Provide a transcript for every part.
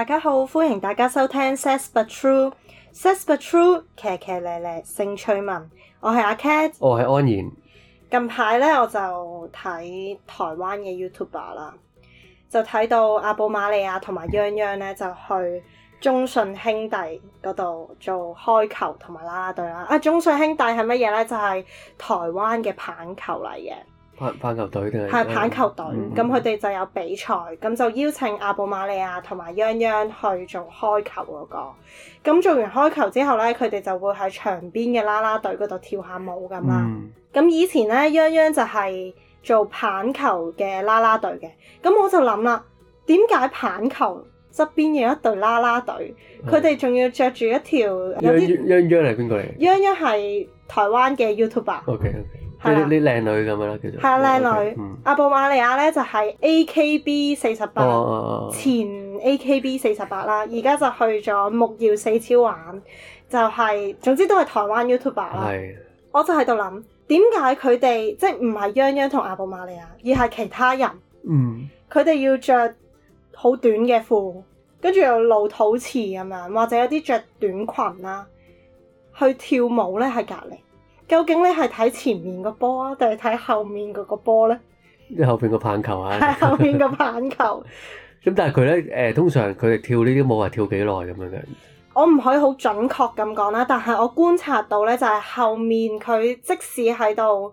大家好，歡迎大家收聽 Says But True，Says But True 騎騎咧咧性趣聞。我係阿 Cat，我係安然。近排咧我就睇台灣嘅 YouTuber 啦，就睇到阿布瑪利亞同埋泱泱咧就去中信兄弟嗰度做開球同埋啦啦隊啦。啊，中信兄弟係乜嘢咧？就係台灣嘅棒球嚟嘅。棒棒球隊定係棒球隊，咁佢哋就有比賽，咁、嗯嗯、就邀請阿布馬利亞同埋泱泱去做開球嗰、那個。咁做完開球之後咧，佢哋就會喺場邊嘅啦啦隊嗰度跳下舞咁啦。咁、嗯、以前咧，泱泱就係做棒球嘅啦啦隊嘅。咁我就諗啦，點解棒球側邊有一隊啦啦隊，佢哋仲要着住一條有啲泱泱係邊個嚟？泱泱係台灣嘅 YouTuber。OK, okay. 係啲靚女咁樣啦，叫做係啊靚女，嗯、阿布瑪利亞咧就係 A K B 四十八前 A K B 四十八啦，而家就去咗木曜四超玩，就係、是、總之都係台灣 YouTuber 啦的。我就喺度諗點解佢哋即係唔係泱泱同阿布瑪利亞，而係其他人，佢哋、嗯、要着好短嘅褲，跟住又露肚臍咁樣，或者有啲着短裙啦，去跳舞咧喺隔籬。究竟你係睇前面個波啊，定係睇後面嗰個波咧？後邊個棒球啊！係後邊個棒球。咁但係佢咧，誒，通常佢哋跳呢啲舞係跳幾耐咁樣嘅？我唔可以好準確咁講啦，但係我觀察到咧，就係後面佢即使喺度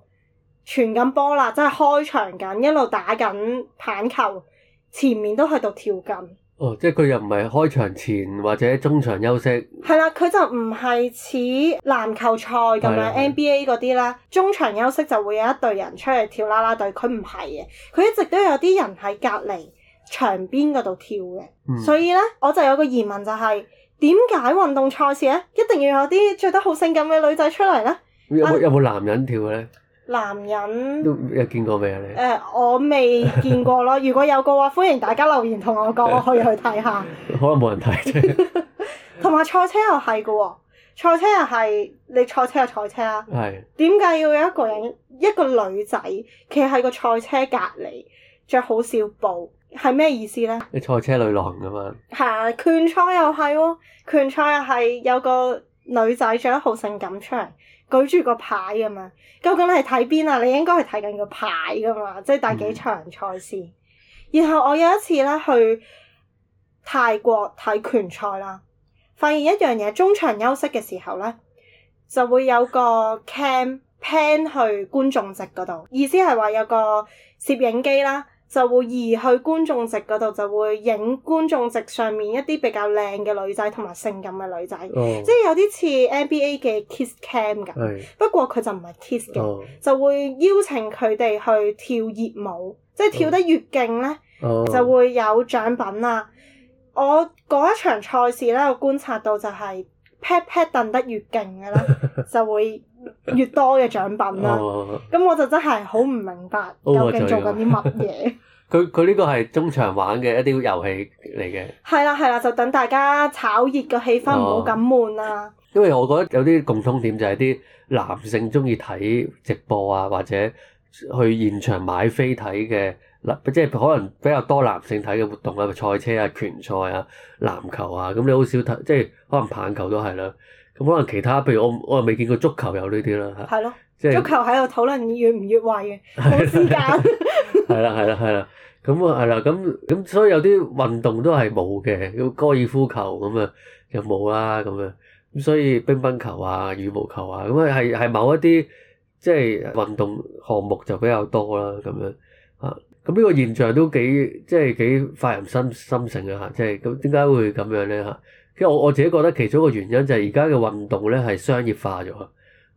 傳緊波啦，即係開場緊，一路打緊棒球，前面都喺度跳緊。哦，即係佢又唔係開場前或者中場休息。係啦，佢就唔係似籃球賽咁樣是是 NBA 嗰啲咧，中場休息就會有一隊人出嚟跳啦啦隊。佢唔係嘅，佢一直都有啲人喺隔籬牆邊嗰度跳嘅。嗯、所以呢，我就有個疑問就係、是，點解運動賽事咧一定要有啲着得好性感嘅女仔出嚟呢？有冇有冇男人跳嘅咧？男人都有見過未？啊你？誒，我未見過咯。如果有個話，歡迎大家留言同我講，我可以去睇下。可能冇人睇啫，同埋賽車又係㗎喎，賽車又係你賽車就賽車啊。係是。點解要有一個人一個女仔企喺個賽車隔離，着好少布，係咩意思呢？你賽車女郎㗎嘛？係啊，拳賽又係喎，拳賽又係、哦、有個女仔着得好性感出嚟。舉住個牌咁樣，究竟你係睇邊啊？你應該係睇緊個牌㗎嘛，即係第幾場賽事。嗯、然後我有一次咧去泰國睇拳賽啦，發現一樣嘢，中場休息嘅時候咧就會有個 cam pan 去觀眾席嗰度，意思係話有個攝影機啦。就會移去觀眾席嗰度，就會影觀眾席上面一啲比較靚嘅女仔同埋性感嘅女仔，oh. 即係有啲似 NBA 嘅 kiss cam 㗎。Oh. 不過佢就唔係 kiss 嘅，oh. 就會邀請佢哋去跳熱舞，oh. 即係跳得越勁呢，oh. 就會有獎品啦。我嗰一場賽事咧，我觀察到就係 pat pat 蹬得越勁嘅咧， 就會 越多嘅獎品啦，咁、哦哦哦、我就真係好唔明白究竟做緊啲乜嘢。佢佢呢個係中場玩嘅一啲遊戲嚟嘅。係啦係啦，就等大家炒熱個氣氛，唔好咁悶啊。因為我覺得有啲共通點就係啲男性鍾意睇直播啊，或者去現場買飛睇嘅，即係可能比較多男性睇嘅活動啦、啊，賽車啊、拳賽啊、籃球啊，咁你好少睇，即係可能棒球都係啦。咁可能其他，譬如我我又未見過足球有呢啲啦，係、啊。係咯是，即係足球喺度討論越唔越位嘅冇時間、 嗯。係啦係啦係啦，咁啊係啦，咁、嗯、咁所以有啲運動都係冇嘅，咁高爾夫球咁啊又冇啦咁樣，咁、嗯、所以乒乓球啊，羽毛球啊咁啊係係某一啲即係運動項目就比較多啦咁樣啊，咁呢個現象都幾即係幾發人深省啊，即係咁點解會咁樣咧吓。即我我自己覺得其中一個原因就係而家嘅運動咧係商業化咗，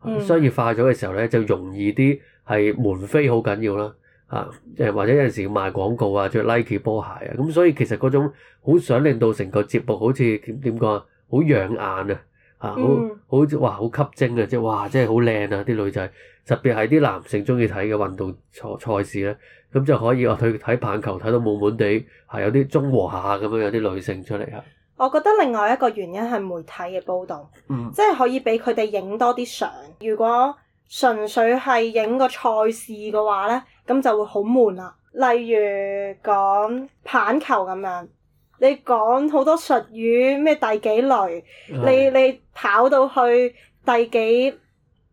嗯、商業化咗嘅時候咧就容易啲係門飛好緊要啦，啊，誒或者有陣時賣廣告啊，着 Nike 波鞋啊，咁所以其實嗰種好想令到成個節目好似點講啊，好養眼啊，啊，好好、嗯、哇，好吸睛啊，即係哇，真係好靚啊啲女仔，特別係啲男性中意睇嘅運動賽賽事咧，咁就可以我睇睇棒球睇到滿滿地，係、啊、有啲中和下咁樣有啲女性出嚟啊。我覺得另外一個原因係媒體嘅報導，嗯、即係可以俾佢哋影多啲相。如果純粹係影個賽事嘅話咧，咁就會好悶啦。例如講棒球咁樣，你講好多術語咩第幾壘，是的 你你跑到去第幾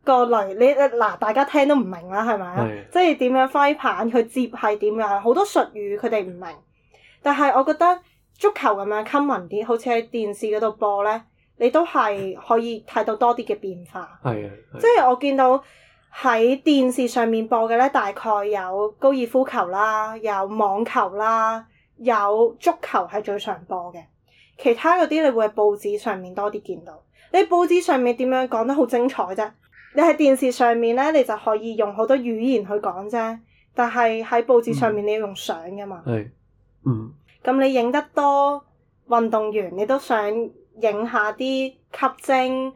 個壘，你嗱大家聽都唔明啦，係咪啊？是的 即係點樣揮棒去接係點樣，好多術語佢哋唔明。但係我覺得。足球咁樣 common 啲，好似喺電視嗰度播呢，你都係可以睇到多啲嘅變化。係，即係我見到喺電視上面播嘅呢，大概有高爾夫球啦，有網球啦，有足球係最常播嘅。其他嗰啲你會喺報紙上面多啲見到。你報紙上面點樣講得好精彩啫？你喺電視上面呢，你就可以用好多語言去講啫。但係喺報紙上面、嗯、你要用相㗎嘛？係，嗯。咁你影得多運動員，你都想影下啲吸睛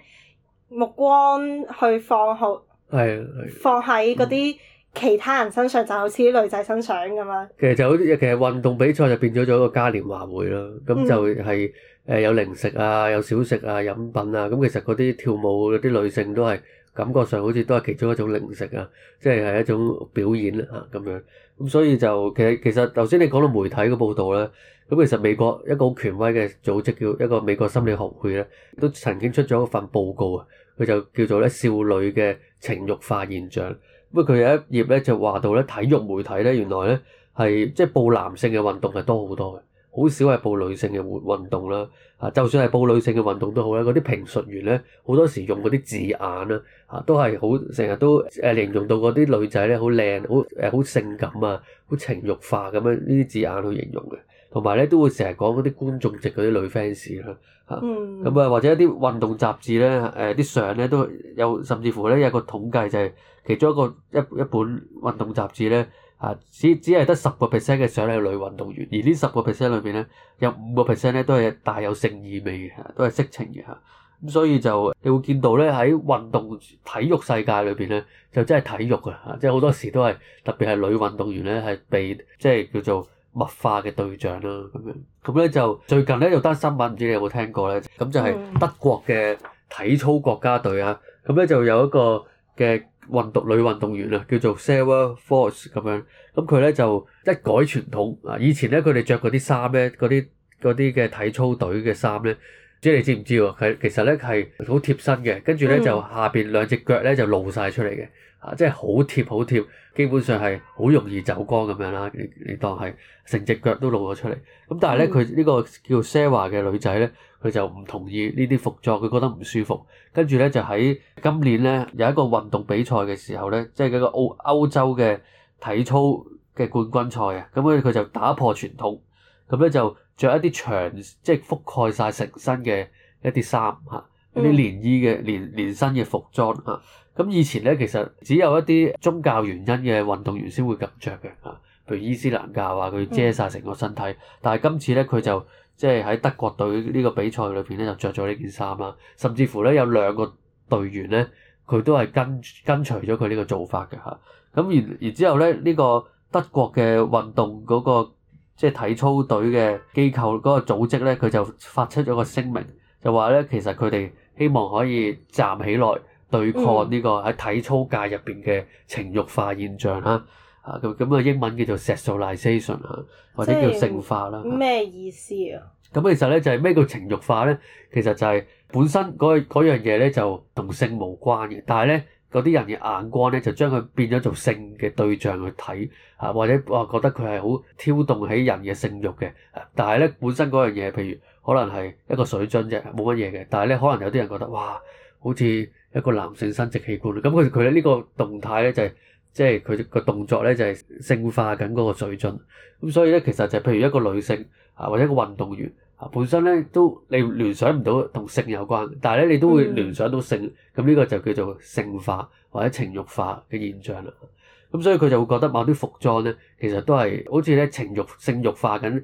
目光去放好，係放喺嗰啲其他人身上，嗯、就好似啲女仔身上咁啊。其實就好啲，其實運動比賽就變咗咗一個嘉年華會囉。咁就係誒有零食啊，有小食啊，飲品啊。咁其實嗰啲跳舞嗰啲女性都係。感覺上好似都係其中一種零食啊，即係係一種表演啊咁樣。咁、嗯、所以就其實其實頭先你講到媒體嘅報道咧，咁、嗯、其實美國一個好權威嘅組織叫一個美國心理學會咧，都曾經出咗一份報告啊。佢就叫做咧少女嘅情慾化現象。咁、嗯、啊，佢有一頁咧就話到咧，體育媒體咧原來咧係即係報男性嘅運動係多好多嘅。好少係報女性嘅活運動啦，啊，就算係報女性嘅運動都好咧，嗰啲評述員咧好多時用嗰啲字眼啦，啊，都係好成日都誒形容到嗰啲女仔咧好靚，好誒好性感啊，好情欲化咁樣呢啲字眼去形容嘅。同埋咧都會成日講嗰啲觀眾席嗰啲女 fans 啦、啊，嚇、啊，咁啊、嗯、或者一啲運動雜誌咧誒啲相咧都有，甚至乎咧有個統計，就係其中一個一一本運動雜誌咧。啊，只只係得十個 percent 嘅相係女運動員，而呢十個 percent 裏邊咧，有五個 percent 咧都係帶有性意味嘅，都係色情嘅嚇。咁所以就你會見到咧喺運動體育世界裏邊咧，就真係體育啊，即係好多時都係特別係女運動員咧係被即係、就是、叫做物化嘅對象啦咁樣。咁咧就最近咧有單新聞，唔知你有冇聽過咧？咁就係德國嘅體操國家隊啊，咁咧就有一個嘅。運動女運動員啊，叫做 Sarah Voss 咁樣。咁佢咧就一改傳統啊，以前咧佢哋着嗰啲衫咧，嗰啲嗰啲嘅體操隊嘅衫咧，即係你知唔知喎？佢其實咧係好貼身嘅，跟住咧就下邊兩隻腳咧就露晒出嚟嘅。啊，即係好貼好貼，基本上係好容易走光咁樣啦。你你當係成隻腳都露咗出嚟。咁但係咧，佢呢個叫 Sarah 嘅女仔咧，佢就唔同意呢啲服裝，佢覺得唔舒服。跟住咧就喺今年咧有一個運動比賽嘅時候咧，即係嗰個歐洲嘅體操嘅冠軍賽啊。咁咧佢就打破傳統，咁咧就着一啲長即係覆蓋晒成身嘅一啲衫嚇，嗯、一啲連衣嘅連連身嘅服裝嚇。咁以前咧，其實只有一啲宗教原因嘅運動員先會咁着嘅嚇，譬如伊斯蘭教話佢遮晒成個身體。嗯、但係今次咧，佢就即係喺德國隊呢個比賽裏邊咧，就着咗呢件衫啦。甚至乎咧，有兩個隊員咧，佢都係跟跟隨咗佢呢個做法嘅嚇。咁、啊、然然之後咧，呢、這個德國嘅運動嗰、那個即係、就是、體操隊嘅機構嗰個組織咧，佢就發出咗個聲明，就話咧，其實佢哋希望可以站起來。對抗呢個喺體操界入邊嘅情欲化現象嚇，嗯、啊咁咁啊英文叫做 sexualization 啊，或者叫性化啦。咩意思啊？咁、啊、其實咧就係、是、咩叫情欲化咧？其實就係本身嗰樣嘢咧就同性無關嘅，但係咧嗰啲人嘅眼光咧就將佢變咗做性嘅對象去睇嚇、啊，或者哇覺得佢係好挑動起人嘅性欲嘅、啊。但係咧本身嗰樣嘢，譬如可能係一個水樽啫，冇乜嘢嘅。但係咧可能有啲人覺得哇，好似～一個男性生殖器官咁，佢佢呢個動態咧就係、是，即係佢個動作咧就係、是、性化緊嗰個水準，咁所以咧其實就係譬如一個女性啊或者一個運動員啊本身咧都你聯想唔到同性有關，但係咧你都會聯想到性，咁呢、嗯、個就叫做性化或者情慾化嘅現象啦，咁所以佢就會覺得某啲服裝咧其實都係好似咧情慾性慾化緊，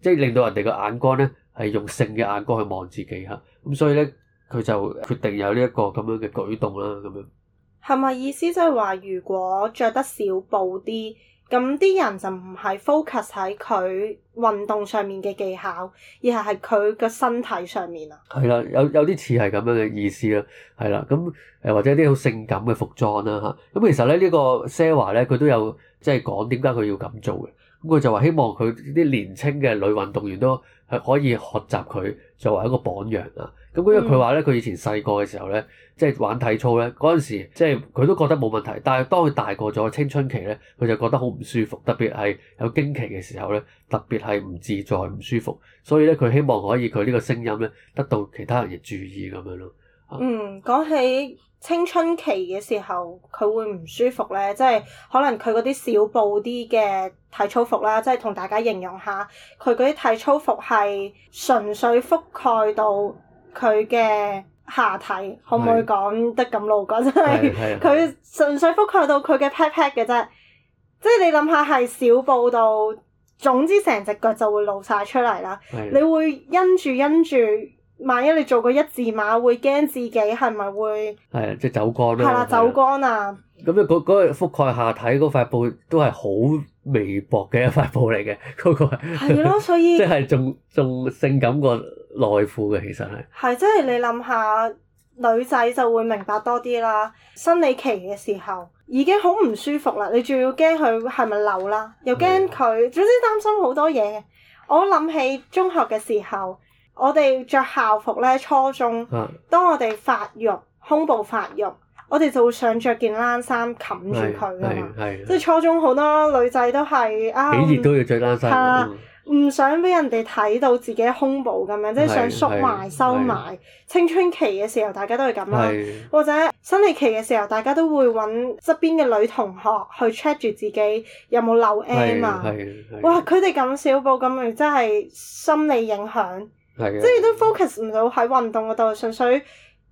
即、就、係、是、令到人哋個眼光咧係用性嘅眼光去望自己嚇，咁所以咧。佢就決定有呢一個咁樣嘅舉動啦，咁樣係咪意思即係話，如果着得少布啲，咁啲人就唔係 focus 喺佢運動上面嘅技巧，而係係佢個身體上面啊？係啦，有有啲似係咁樣嘅意思啦，係啦，咁誒或者啲好性感嘅服裝啦嚇，咁其實咧呢、呢個 Sarah 咧佢都有即係講點解佢要咁做嘅，咁佢就話希望佢啲年輕嘅女運動員都係可以學習佢作為一個榜樣啊。咁、嗯、因為佢話咧，佢以前細個嘅時候咧，即係玩體操咧，嗰陣時即係佢都覺得冇問題。但係當佢大個咗青春期咧，佢就覺得好唔舒服，特別係有經期嘅時候咧，特別係唔自在、唔舒服。所以咧，佢希望可以佢呢個聲音咧，得到其他人嘅注意咁樣咯。啊、嗯，講起青春期嘅時候，佢會唔舒服咧，即係可能佢嗰啲小布啲嘅體操服啦，即係同大家形容下佢嗰啲體操服係純粹覆蓋到。佢嘅下體可唔可以講得咁露？講真係佢純粹覆蓋到佢嘅 pat pat 嘅啫，即係你諗下係小報道，總之成隻腳就會露晒出嚟啦。是你會因住因住，萬一你做個一字馬，會驚自己係咪會係即係走光咯？係啦，走光啊！咁啊，嗰、那、嗰、個那個、覆蓋下體嗰塊布都係好微薄嘅一塊布嚟嘅，嗰、那個係係咯，所 以 即係仲仲性感過。內褲嘅其實係係，即係你諗下女仔就會明白多啲啦。生理期嘅時候已經好唔舒服啦，你仲要驚佢係咪漏啦，又驚佢，的總之擔心好多嘢嘅。我諗起中學嘅時候，我哋着校服咧，初中當我哋發育胸部發育，我哋就會想着件冷衫冚住佢㗎嘛。係，即係初中好多女仔都係啊，幾熱都要着冷衫。唔想俾人哋睇到自己胸部咁樣，即係想縮埋收埋。青春期嘅時候大家都係咁啦，或者生理期嘅時候大家都會揾側、啊、是邊嘅女同學去 check 住自己有冇漏 M 啊。哇！佢哋咁小保咁，咪真係心理影響，的即係都 focus 唔到喺運動嗰度，純粹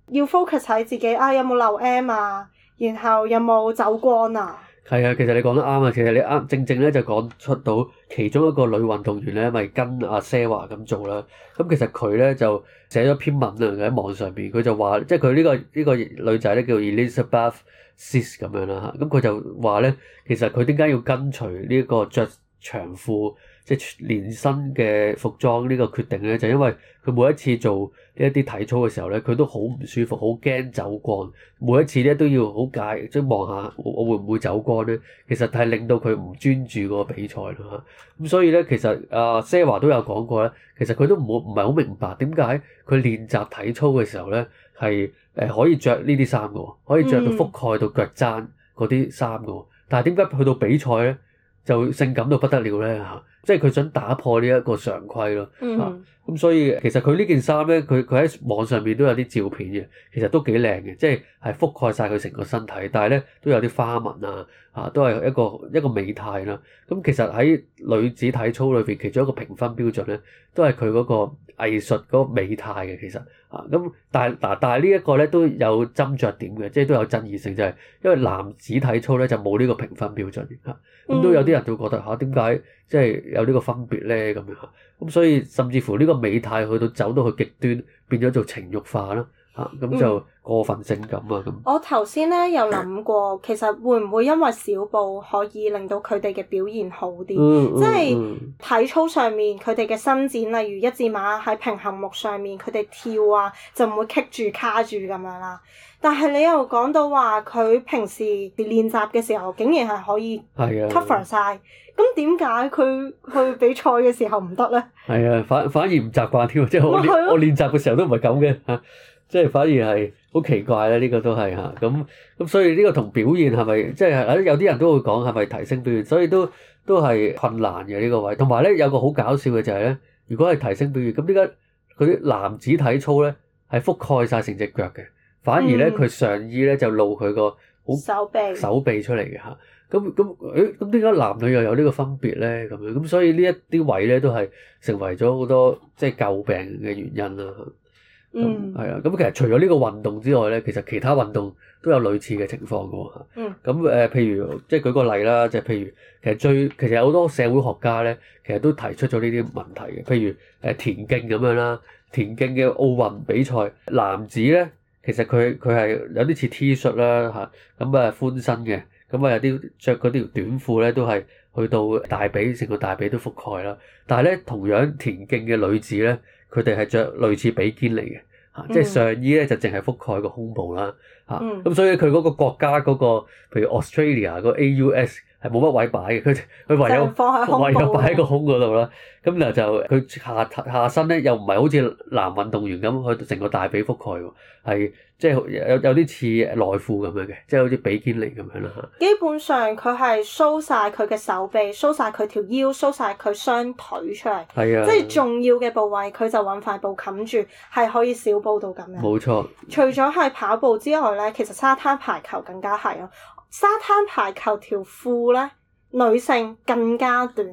要 focus 喺自己啊，有冇漏 M 啊，然後有冇走光啊？係啊，其實你講得啱啊，其實你啱正正咧就講出到其中一個女運動員咧，咪、就是、跟阿 Sarah 咁做啦。咁其實佢咧就寫咗篇文啊，喺網上邊佢就話，即係佢呢個呢個女仔咧叫 Elizabeth Sis 咁樣啦嚇，咁佢就話咧，其實佢點解要跟隨呢個着長褲？即係連身嘅服裝呢個決定咧，就係、因為佢每一次做呢一啲體操嘅時候咧，佢都好唔舒服，好驚走光。每一次咧都要好解，即、就係、望下我，我會唔會走光咧？其實係令到佢唔專注個比賽啦。咁所以咧，其實阿 Sarah 都有講過咧，其實佢都唔好唔係好明白點解佢練習體操嘅時候咧係誒可以着呢啲衫㗎，可以着到覆蓋到腳踭嗰啲衫㗎。但係點解去到比賽咧？就性感到不得了咧嚇，即係佢想打破呢一個常規咯嚇。咁、mm hmm. 啊、所以其實佢呢件衫咧，佢佢喺網上面都有啲照片嘅，其實都幾靚嘅，即係係覆蓋晒佢成個身體，但係咧都有啲花紋啊嚇、啊，都係一個一個美態啦。咁、啊、其實喺女子體操裏邊，其中一個評分標準咧，都係佢嗰個藝術嗰個美態嘅，其實。啊，咁但係嗱、啊，但係呢一個咧都有斟酌點嘅，即係都有爭議性、就係，就係因為男子體操咧就冇呢個評分標準，嚇、啊，咁都有啲人就會覺得嚇點解即係有呢個分別咧咁樣，咁、啊啊、所以甚至乎呢個美態去到走到去極端，變咗做情欲化啦。咁、啊、就過分性感啊！咁、嗯、我頭先咧有諗過，其實會唔會因為少布可以令到佢哋嘅表現好啲？即係體操上面佢哋嘅伸展，例如一字馬喺平衡木上面，佢哋跳啊就唔會棘住卡住咁樣啦。但係你又講到話佢平時練習嘅時候，竟然係可以 cover 晒的。咁點解佢去比賽嘅時候唔得咧？係啊，反反而唔習慣跳。即係我練、就是、的我練習嘅時候都唔係咁嘅嚇。啊即係反而係好奇怪咧、啊，呢、這個都係嚇咁咁，啊、所以呢個同表現係咪即係有啲人都會講係咪提升表現？所以都都係困難嘅呢個位。同埋咧，有個好搞笑嘅就係咧，如果係提升表現，咁點解佢啲男子體操咧係覆蓋晒成隻腳嘅，反而咧佢、嗯、上衣咧就露佢個好手，臂手臂出嚟嘅嚇？咁咁誒咁點解男女又有呢個分別咧？咁樣咁所以呢一啲位咧都係成為咗好多即係詬病嘅原因啦。啊嗯，係啊，咁其實除咗呢個運動之外咧，其實其他運動都有類似嘅情況噶喎。嗯，咁誒，譬如即係舉個例啦，就係譬如其實最其實好多社會學家咧，其實都提出咗呢啲問題嘅，譬如誒田徑咁樣啦，田徑嘅奧運比賽，男子咧其實佢佢係有啲似 T 恤啦嚇，咁啊寬身嘅，咁啊有啲着嗰啲短褲咧都係。去到大髀，成個大髀都覆蓋啦。但係咧，同樣田徑嘅女子咧，佢哋係着類似比堅尼嚟嘅，mm. 即係上衣咧就淨係覆蓋個胸部啦。嚇、mm. 啊，咁所以佢嗰個國家嗰、嗰個，譬如 Australia 個 AUS。係冇乜位擺嘅，佢佢唯，唯有放喺胸，唯有擺喺個胸度啦。咁嗱就佢下下身咧，又唔係好似男運動員咁，佢成個大髀覆蓋喎，係即係有有啲似內褲咁樣嘅，即係好似比堅尼咁樣啦，基本上佢係 show 曬佢嘅手臂，show 曬佢條腰，show 曬佢雙腿出嚟，係啊，即係重要嘅部位佢就揾塊布冚住，係可以少暴露咁樣。冇錯。除咗係跑步之外咧，其實沙灘排球更加係咯。沙灘排球條褲咧，女性更加短，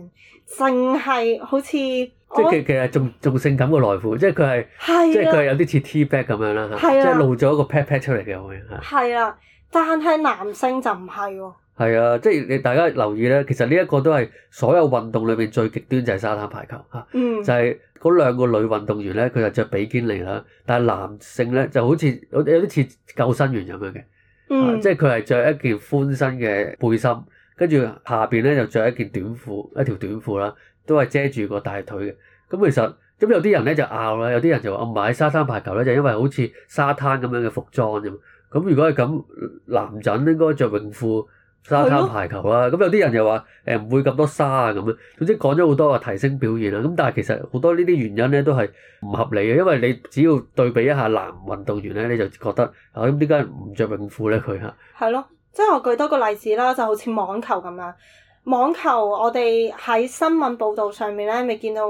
淨係好似即係、哦，其實仲仲性感嘅內褲，即係佢係即係佢係有啲似 T-back 咁樣啦，啊，即係露咗一個 pat pat 出嚟嘅，我應係。係啦，啊，但係男性就唔係喎。係啊，即係你大家留意咧，其實呢一個都係所有運動裏面最極端就係沙灘排球啊，嗯，就係嗰兩個女運動員咧，佢就着比堅尼啦，但係男性咧就好似有有啲似救生員咁樣嘅。嗯啊、即係佢係着一件寬身嘅背心，跟住下邊咧就着一件短褲，一條短褲啦，都係遮住個大腿嘅。咁、嗯、其實咁有啲人咧就拗啦，有啲人，人就話我、啊、買沙灘排球咧就是、因為好似沙灘咁樣嘅服裝啫。咁、嗯嗯、如果係咁，男仔應該着泳褲。沙灘排球啦，咁有啲人又話誒唔會咁多沙啊咁樣。總之講咗好多啊，提升表現啦。咁但係其實好多呢啲原因咧都係唔合理嘅，因為你只要對比一下男運動員咧，你就覺得啊，咁點解唔着泳褲咧佢嚇？係咯，即係我舉多個例子啦，就好似網球咁樣。網球我哋喺新聞報導上面咧，未見到。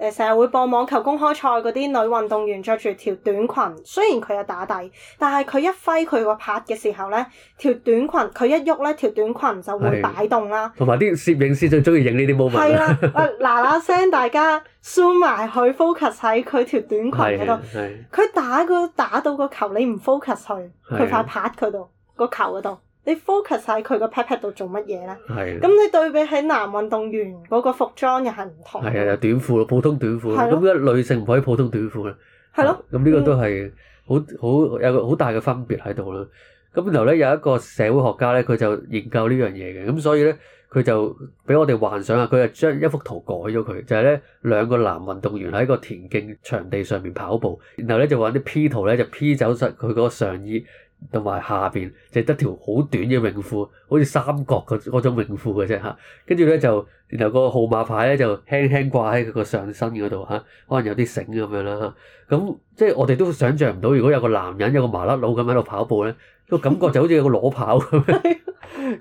誒成日會播網球公開賽，嗰啲女運動員着住條短裙，雖然佢有打底，但係佢一揮佢個拍嘅時候咧，條短裙佢一喐咧，條短裙就會擺動啦。同埋啲攝影師最鍾意影呢啲 moment。係啦，嗱嗱聲，大家掃埋佢 focus 喺佢條短裙嗰度。佢打個打到個球你，你唔 focus 去佢塊拍佢度個球嗰度。你 focus 曬佢個 pat pat 度做乜嘢咧？咁的你對比喺男運動員嗰個服裝又係唔同。係啊，短褲咯，普通短褲。咁一的女性唔可以普通短褲的啊。係咯。咁呢個都係好好有個好大嘅分別喺度啦。咁然後咧有一個社會學家咧佢就研究呢樣嘢嘅，咁所以咧佢就俾我哋幻想下，佢就將一幅圖改咗佢，就係、是、咧兩個男運動員喺個田徑場地上面跑步，然後咧就揾啲 P 圖咧就 P 走失佢嗰個上衣。同埋下邊就係得條好短嘅泳褲，好似三角個嗰種泳褲嘅啫嚇。跟住咧就然後個號碼牌咧就輕輕掛喺佢個上身嗰度嚇，可能有啲繩咁樣啦。咁、啊、即係我哋都想象唔到，如果有個男人有個麻甩佬咁喺度跑步咧，這個感覺就好似有個裸跑咁。咁、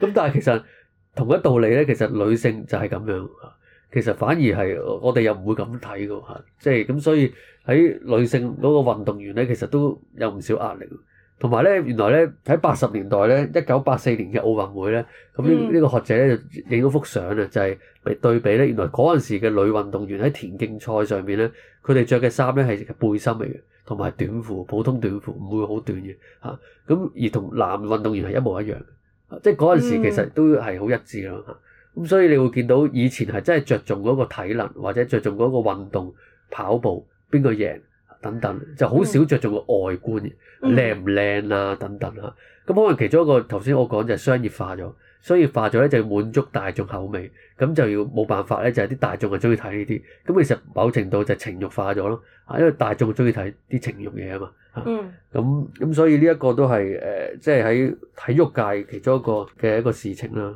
啊、但係其實同一道理咧，其實女性就係咁樣、啊。其實反而係我哋又唔會咁睇嘅嚇，即係咁所以喺女性嗰個運動員咧，其實都有唔少壓力。同埋咧，原來咧喺八十年代咧，一九八四年嘅奧運會咧，咁呢個、呢個學者咧就影到幅相啊，就係、是、嚟對比咧，原來嗰陣時嘅女運動員喺田徑賽上面咧，佢哋着嘅衫咧係背心嚟嘅，同埋短褲，普通短褲唔會好短嘅嚇。咁、啊、而同男運動員係一模一樣嘅，即係嗰陣時其實都係好一致咯嚇。咁、啊啊、所以你會見到以前係真係着重嗰個體能，或者着重嗰個運動跑步邊個贏。等等就好少着重個外觀，靚唔靚啊？等等啦，咁可能其中一個頭先我講就係商業化咗，商業化咗咧就要滿足大眾口味，咁就要冇辦法咧，就係啲大眾係中意睇呢啲，咁其實某程度就情欲化咗咯，啊，因為大眾中意睇啲情欲嘢啊嘛，嗯，咁咁所以呢一個都係誒，即係喺體育界其中一個嘅一個事情啦。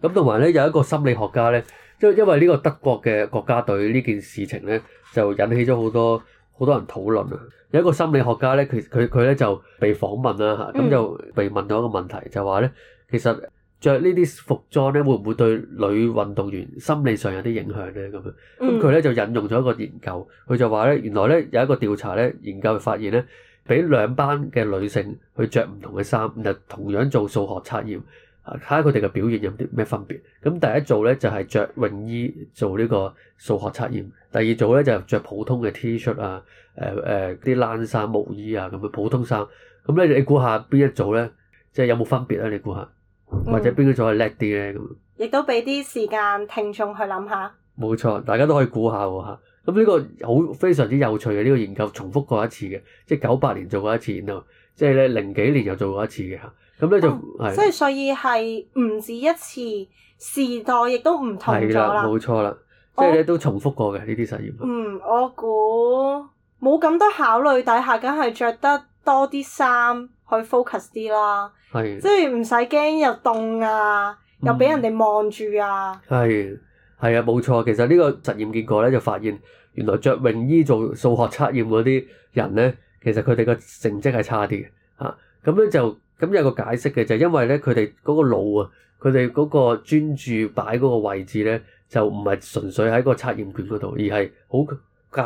咁同埋咧有一個心理學家咧，即係因為呢個德國嘅國家隊呢件事情咧，就引起咗好多。好多人討論啊！有一個心理學家咧，佢佢佢咧就被訪問啦嚇，咁就、嗯、被問到一個問題，就話咧，其實着呢啲服裝咧，會唔會對女運動員心理上有啲影響咧？咁樣咁佢咧就引用咗一個研究，佢就話咧，原來咧有一個調查咧，研究發現咧，俾兩班嘅女性去着唔同嘅衫，就同樣做數學測驗啊，睇下佢哋嘅表現有啲咩分別。咁第一組咧就係、是、着泳衣做呢個數學測驗。第二組咧就着普通嘅 T 恤啊，誒誒啲冷衫、毛衣啊咁嘅普通衫。咁咧你估下邊一組咧，即係有冇分別咧？你估下，嗯、或者邊一組係叻啲咧？咁亦都俾啲時間聽眾去諗下。冇錯，大家都可以估下喎嚇。咁呢個好非常之有趣嘅呢個研究，重複過一次嘅，即係九八年做過一次然後，即係咧零幾年又做過一次嘅嚇。咁咧就即係、嗯、係、所以係唔止一次，時代亦都唔同咗啦。冇錯啦。即係我都重複過嘅呢啲實驗。嗯，我估冇咁多考慮底下，梗係着得多啲衫去 focus 啲啦。係的，即係唔使驚又凍啊，嗯、又俾人哋望住啊。係，係啊，冇錯。其實呢個實驗結果咧，就發現原來着泳衣做數學測驗嗰啲人咧，其實佢哋個成績係差啲嘅。吓、啊，咁樣就咁有個解釋嘅，就係、因為咧佢哋嗰個腦啊，佢哋嗰個專注擺嗰個位置咧，就唔係純粹喺個測驗卷嗰度，而係好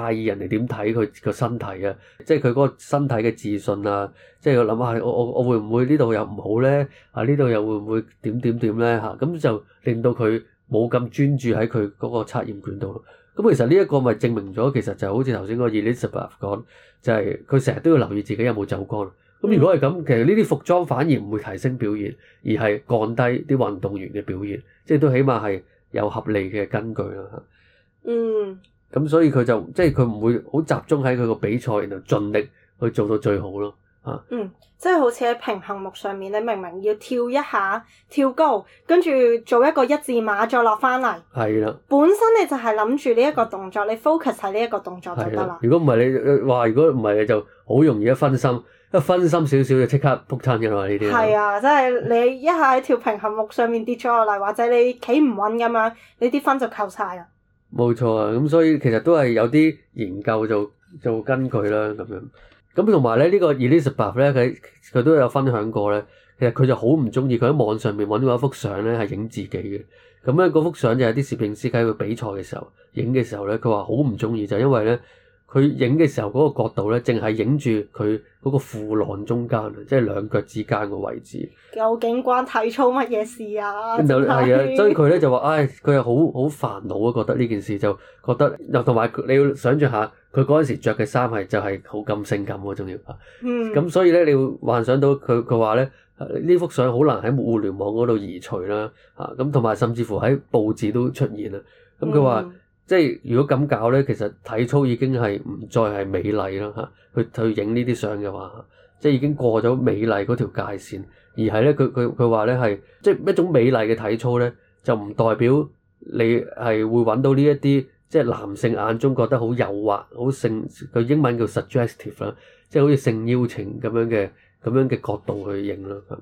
介意人哋點睇佢個身體啊！即係佢嗰個身體嘅自信啊！即係諗下我，我我我會唔會呢度又唔好呢？啊，呢度又會唔會點點點呢？吓、啊，咁就令到佢冇咁專注喺佢嗰個測驗卷度。咁、啊、其實呢一個咪證明咗，其實就好似頭先嗰個 Elizabeth 講，就係佢成日都要留意自己有冇走光。咁如果係咁，其實呢啲服裝反而唔會提升表現，而係降低啲運動員嘅表現。即係都起碼係。有合理嘅根據啦，嗯，咁所以佢就即係佢唔會好集中喺佢個比賽，然後盡力去做到最好咯，啊，嗯，即係好似喺平衡木上面，你明明要跳一下，跳高，跟住做一個一字馬，再落翻嚟，係啦，本身你就係諗住呢一個動作，嗯，你 focus 喺呢一個動作就得啦。如果唔係你話，如果唔係你就好容易一分心。分心少少就即刻撲親嘅嘛呢啲，係啊， 即係你一下喺條平衡木上面跌咗落嚟，或者你企唔穩咁樣，你啲分就扣晒啦。冇錯啊，咁所以其實都係有啲研究就做根據啦咁樣。咁同埋咧呢、呢個 Elizabeth 咧佢佢都有分享過咧，其實佢就好唔中意佢喺網上面揾到一幅相咧係影自己嘅。咁咧嗰幅相就係啲攝影師喺佢比賽嘅時候影嘅時候咧，佢話好唔中意，就係、因為咧。佢影嘅時候嗰個角度咧，淨係影住佢嗰個褲浪中間，即係兩腳之間嘅位置。究竟關體操乜嘢事啊？係啊是，所以佢咧就話，唉，佢係好好煩惱啊，覺得呢件事就覺得又同埋你要想象下，佢嗰陣時著嘅衫係就係好咁性感喎，仲要啊。嗯。咁所以咧，你會幻想到佢，佢話咧，呢幅相好難喺互聯網嗰度移除啦。啊，咁同埋甚至乎喺報紙都出現啦。咁佢話。即係如果咁搞咧，其實體操已經係唔再係美麗啦嚇。去去影呢啲相嘅話，啊、即係已經過咗美麗嗰條界線，而係咧佢佢佢話咧係即係一種美麗嘅體操咧，就唔代表你係會揾到呢一啲即係男性眼中覺得好誘惑、好性，佢英文叫 suggestive 啦、啊，即係好似性邀請咁樣嘅咁樣嘅角度去影啦。啊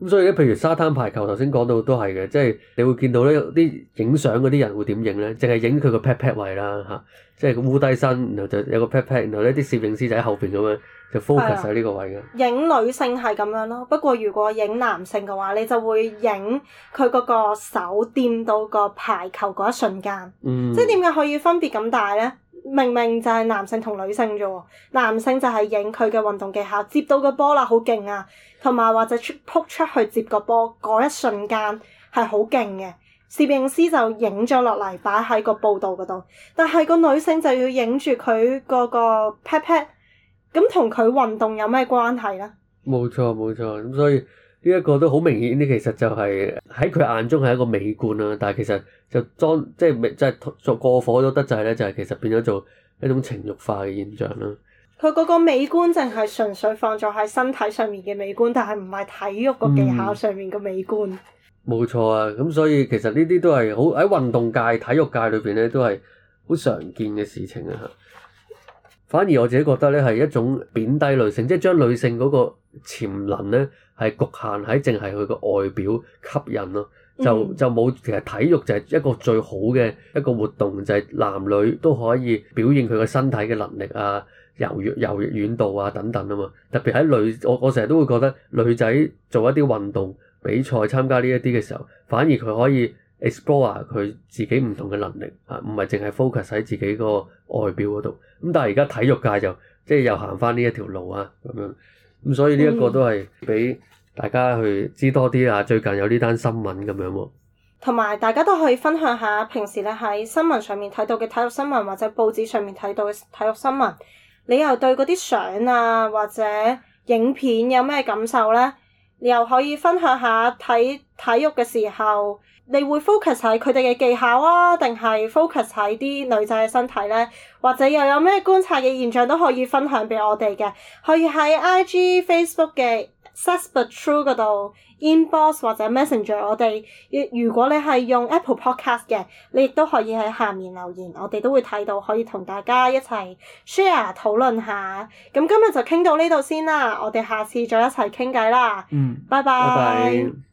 咁所以咧，譬如沙灘排球，頭先講到都係嘅，即係你會見到咧啲影相嗰啲人會點影咧？淨係影佢個 pat pat 位啦，嚇，即係烏低身，然後就有個 pat pat，然後呢啲攝影師就喺後邊咁樣就 focus 喺呢個位嘅。影女性係咁樣咯，不過如果影男性嘅話，你就會影佢嗰個手掂到個排球嗰一瞬間。嗯，即係點解可以分別咁大咧？明明就係男性同女性啫喎，男性就係影佢嘅運動技巧，接到個波啦好勁啊，同埋或者出撲出去接個波嗰一瞬間係好勁嘅，攝影師就影咗落嚟擺喺個報道嗰度，但係個女性就要影住佢嗰個 pat pat，咁同佢運動有咩關係呢？冇錯冇錯，所以。呢一個都好明顯呢，其實就係喺佢眼中係一個美觀啦。但係其實就裝即係美，即係過火都得滯咧，就係其實變咗做一種情慾化嘅現象啦。佢嗰個美觀淨係純粹放咗喺身體上面嘅美觀，但係唔係體育個技巧上面嘅美觀。冇錯、嗯、啊，咁所以其實呢啲都係好喺運動界、體育界裏邊咧，都係好常見嘅事情啊。反而我自己覺得咧係一種貶低女性，即係將女性嗰個潛能咧係局限喺淨係佢個外表吸引咯，就就冇其實體育就係一個最好嘅一個活動，就係男女都可以表現佢個身體嘅能力啊、柔軟、柔軟度啊等等啊嘛。特別喺女，我我成日都會覺得女仔做一啲運動比賽、參加呢一啲嘅時候，反而佢可以 explore 佢自己唔同嘅能力啊，唔係淨係 focus 喺自己個外表嗰度。咁但係而家體育界就即係又行翻呢一條路啊，咁樣咁所以呢一個都係俾大家去知多啲啊。最近有呢單新聞咁樣喎，同埋、嗯、大家都可以分享下平時你喺新聞上面睇到嘅體育新聞，或者報紙上面睇到嘅體育新聞，你又對嗰啲相啊或者影片有咩感受呢？你又可以分享下睇體育嘅時候。你會 focus 喺佢哋嘅技巧啊，定係 focus 喺啲女仔嘅身體呢？或者又有咩觀察嘅現象都可以分享俾我哋嘅，可以喺 IG、Facebook 嘅 Suspect True 度 inbox 或者 Messenger 我哋。如果你係用 Apple Podcast 嘅，你亦都可以喺下面留言，我哋都會睇到，可以同大家一齊 share 討論下。咁今日就傾到呢度先啦，我哋下次再一齊傾偈啦。嗯，拜拜。拜拜。